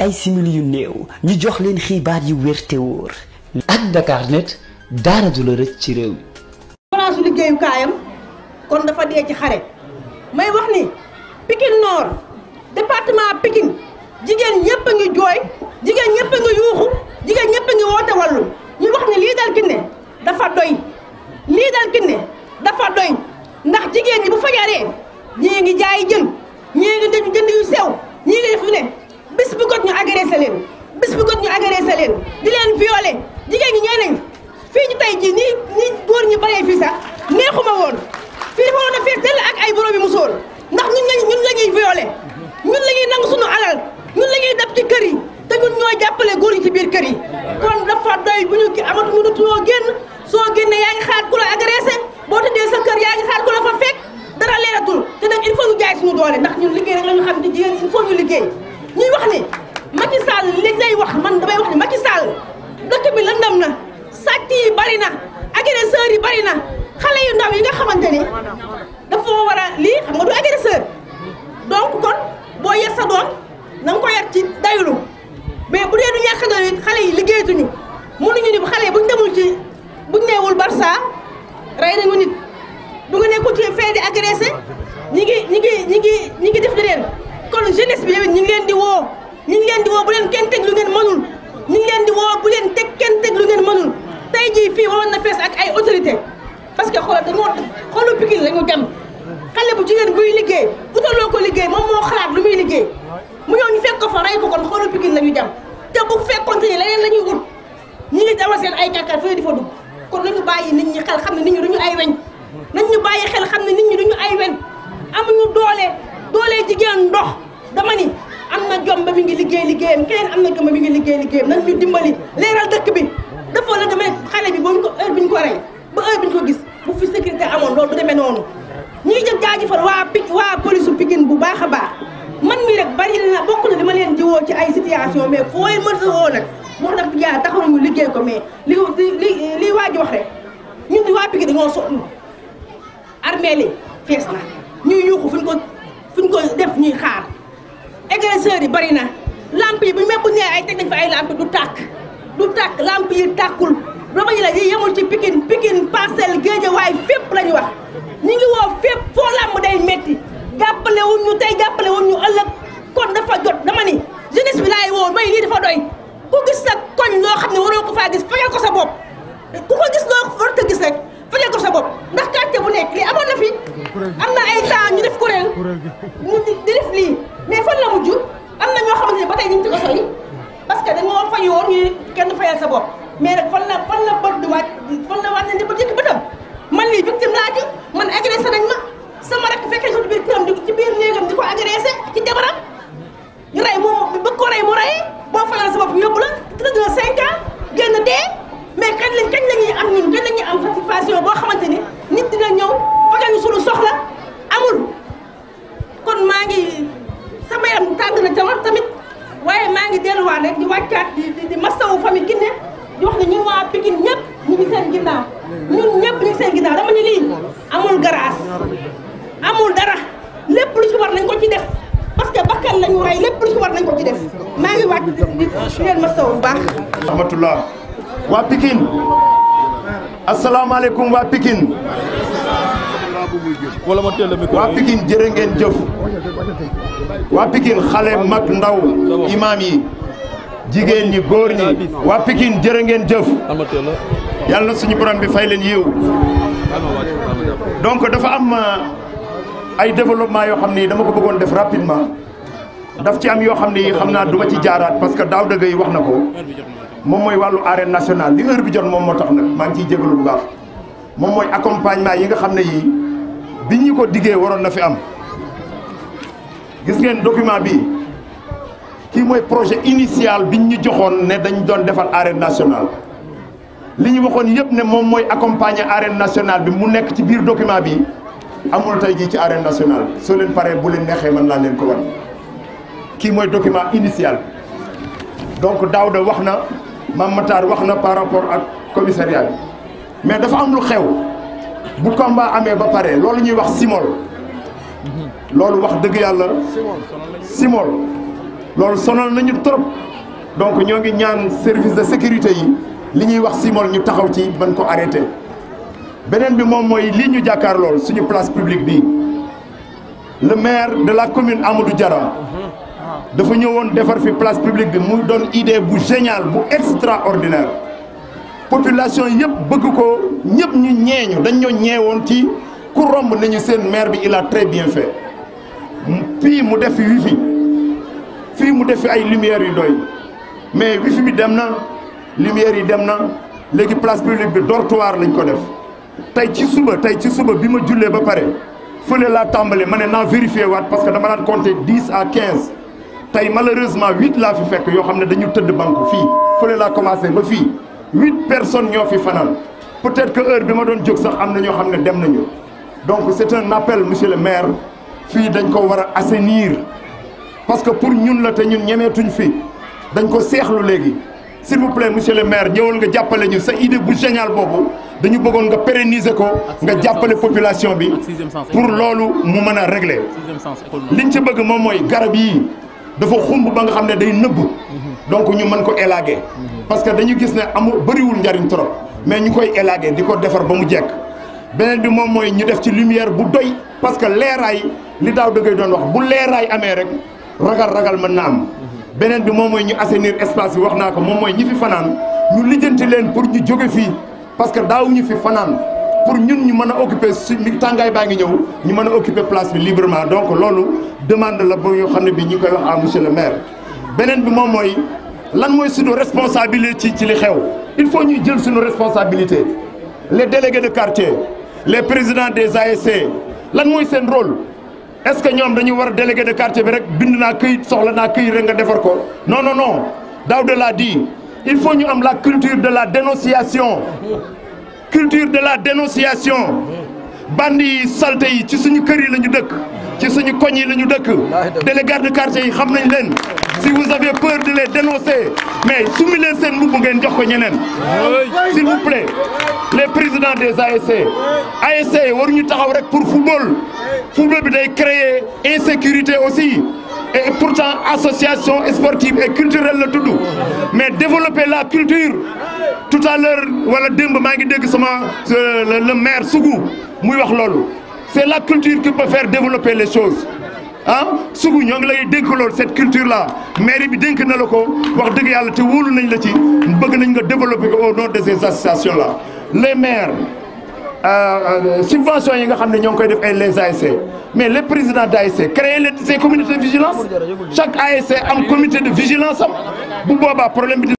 ay simili yu neew ñu jox leen xibaar yu wér te wóor. ak Dakarnet daara du la rëcc ci réew mi. palaasu liggéeyukaayam kon dafa dee ci xare may wax ni Pikine Nord département Pikine jigéen ngi ci biir kër yi kon dafa doy bu ñu amatu mënatuñoo génn soo génnee yaa ngi xaar ku la agressé boo tëddee sa kër yaa ngi xaar ku la fa fekk dara leeratul te nag il faut ñu jaay suñu doole ndax ñun liggéey rek la xam ni Macky Sall li lay wax man damay wax ni Macky Sall dëkk bi lëndam na sàcc yi bari na yi bari na xale yu ndaw yi nga xamante ni dafa war a lii xam nga du agresseur donc kon boo yar sa doom na ko yar ci daylu fii waroon na fees ak ay autorité parce que xool dañoo xoolu Pikine la ñu dem xale bu jigéen buy liggéey utaloo ko liggéey moom moo xalaat lu muy liggéey mu ñëw ñu fekk ko fa rey ko kon xoolu Pikine la ñu dem te bu fekkoonte ni leneen la ñuy ñi ngi dama seen ay kàkkaar fële di fa dugg kon nañu bàyyi nit ñi xel xam ne nit ñi duñu ay weñ nañ ñu bàyyi xel xam ne nit ñi duñu ay weñ amuñu doole doole jigéen ndox dama ni am na jom ba mi ngi liggéey liggéeyam keneen am na jom ba mi ngi liggéey liggéeyam nañ ñu dimbali leeral ko rey ba heure bi ñu ko gis bu fi sécurité amoon loolu du demee noonu ñuy jëm jaajëfal waa picc waa police Pikine bu baax a baax man mii rek bari na bokk li ma leen jiwoo ci ay situation mais foo leen mën sa woo nag wax dëgg taxul ñu liggéey ko mais li li waa ji wax rek ñun di waa Pikine dañoo sonn armée li fees na ñuy yuuxu fuñ ko fuñ ko def ñuy xaar agresseurs yi bari na lamp yi bu ñu mekku nee ay teg ay lamp du tàkk du tàkk lamp yi tàkkul Roqeela ji yemul ci la ñu wax ñu bi laay woo may lii dafa doy ku gis sa koñ loo xam ne waroo ko faa gis fajal ko sa bopp ku ko gis a gis rek fajal ko sa bu nekk lii amoon na fi am na ay temps ñu def kuréel mu def lii mais fan la mujj am na ñoo xamante ne ba tey ñu ngi ci ko soy parce que dañoo fayoon ñu kenn fayal sa bopp mais nag fan la fan la bët di wàcc fan la wàcc ne ba jëkk bëtam man lii victime laa ci man agressé nañ ma sama rakk fekk nañ ko ci biir këram di di ko agressé ci jabaram rey moom bëgg ko rey mu rey di leen ma saw bu baax. rahmatullah waa Pikine asalaamaaleykum waa Pikine wala ma teel a ngeen jëf waa Pikine xale mag ndaw imaam yi jigéen ñi góor ñi waa Pikine jërë ngeen jëf yàlla na suñu borom bi fay leen yiw donc dafa am euh, ay développement yoo xam ne ni dama ko bëggoon def rapidement daf ci am yoo xam ne xam naa du ci jaaraat parce que daaw dëgg yi wax na ko moom mooy wàllu arène nationale li heure bi jot moom moo tax nag maa ngi ciy jégalu bu baax moom mooy accompagnement yi nga xam ne yii bi ñu ko diggee waroon na fi am gis ngeen document bi kii mooy projet initial biñ ñu joxoon ne dañ doon defal arène nationale li ñu waxoon yëpp ne moom mooy accompagner arène nationale bi mu nekk ci biir document bi amul tey jii ci arène nationale leen paree bu leen neexee mën naa leen ko wan kii mooy document initial bi donc Daouda wax na Mame wax na par rapport ak commissariat mais dafa am lu xew bu combat amee ba pare loolu ñuy wax simol loolu wax dëgg yàlla simol loolu sonal nañu trop donc ñoo ngi ñaan service de sécurité yi li ñuy wax simol ñu taxaw ci ban ko arrêté beneen bi moom mooy lii ñu jàkkaar lool suñu place publique bi le maire de la commune Amadou Diarra dafa ñëwoon defar fi place publique bi mu doon idée bu génial bu extraordinaire population yëpp bëgg ko ñëpp ñu ñeeñu dañ ñoo ñeewoon ci ku romb nañu seen maire bi il a très bien fait fii mu def fi fii mu def fi ay lumières yu doy mais wifi bi dem na lumières yi dem na léegi place publique bi dortoir lañ ko def tey ci suba tey ci suba bi ma jullee ba pare ne laa tàmbali ma ne naa vérifié waat parce que dama daan compter dix à quinze tey malheureusement huit laa fi fekk yoo xam ne dañu tëdd banque fii fële laa commencé ba fii huit personnes ñoo fi fanaan peut-être que heure bi ma doon jóg sax am na ñoo xam ne dem nañu donc c'est un appel monsieur le maire fii dañ ko war a assainir parce que pour ñun la te ñun ñemeetuñ fi dañ ko seexlu léegi s'il vous plaît monsieur le maire ñëwal nga jàppale ñu sa idée bu génial boobu dañu bëggoon nga pérenniser ko nga jàppale population bi pour loolu mu mën a régler liñ ci bëgg moom mooy garab yi dafa xumb ba nga xam ne day nëbb mhm. donc ñu mën ko élaguer mhm. parce que dañu gis ne amul bëriwul njariñ trop mais ñu koy élaguer di ko defar ba mu jekk beneen bi moom mooy ñu def ci lumière bu doy parce que leeraay li daaw dëggee doon wax bu leeraay amee rek ragal ragal mën na am mhm. beneen bi moom mooy ñu assainir espace yi wax naa ko moom mooy ñi fi fanaan ñu lijjanti leen pour ñu jóge fii parce que daaw ñu fi fanaan pour ñun ñu mën a occuper su tàngaay baa ngi ñëw ñu mën a occuper place bi librement donc loolu demande la bu yoo xam ne bi ñu koy wax à monsieur beneen bi moom mooy lan mooy suñu responsabilité ci ci li xew il faut ñuy jël suñu responsabilité les délégués de quartier les présidents des lan mooy seen rôle est-ce que ñoom dañu war a délégué de bi rek bind naa këyit soxla naa këyit rek nga defar ko non non non de la di il faut ñu am la culture de la dénonciation culture de la dénonciation bandi yi salte yi ci suñu kër yi la ñu dëkk ci suñu koñ yi la ñu dëkk délégués garde quartier yi xam nañ leen si vous avez peur de les dénoncer mais summi leen seen mbubb ngeen jox ko ñeneen s'il vous plaît les présidents des ASC ASC waruñu taxaw rek pour football football bi day créer insécurité aussi et pourtant association sportive et culturelle la tudd mais développer la culture tout à l'heure wala démb maa ngi dégg sama euh, le maire Sougou muy wax loolu c'est la culture qui peut faire développer les choses ah Sougou ñoo ngi la dénk loolu cette culture là mairie bi dénk na la ko wax dëgg yàlla te wóolu nañ la ci bëgg nañ nga développer ko au nom de ces associations là les maires Euh, euh, subvention yi nga xam ne ñoo ngi koy def ay les ASC mais les présidents d' ASC créer les ces de vigilance chaque ASC am comité de vigilance am bu boobaa problème bi.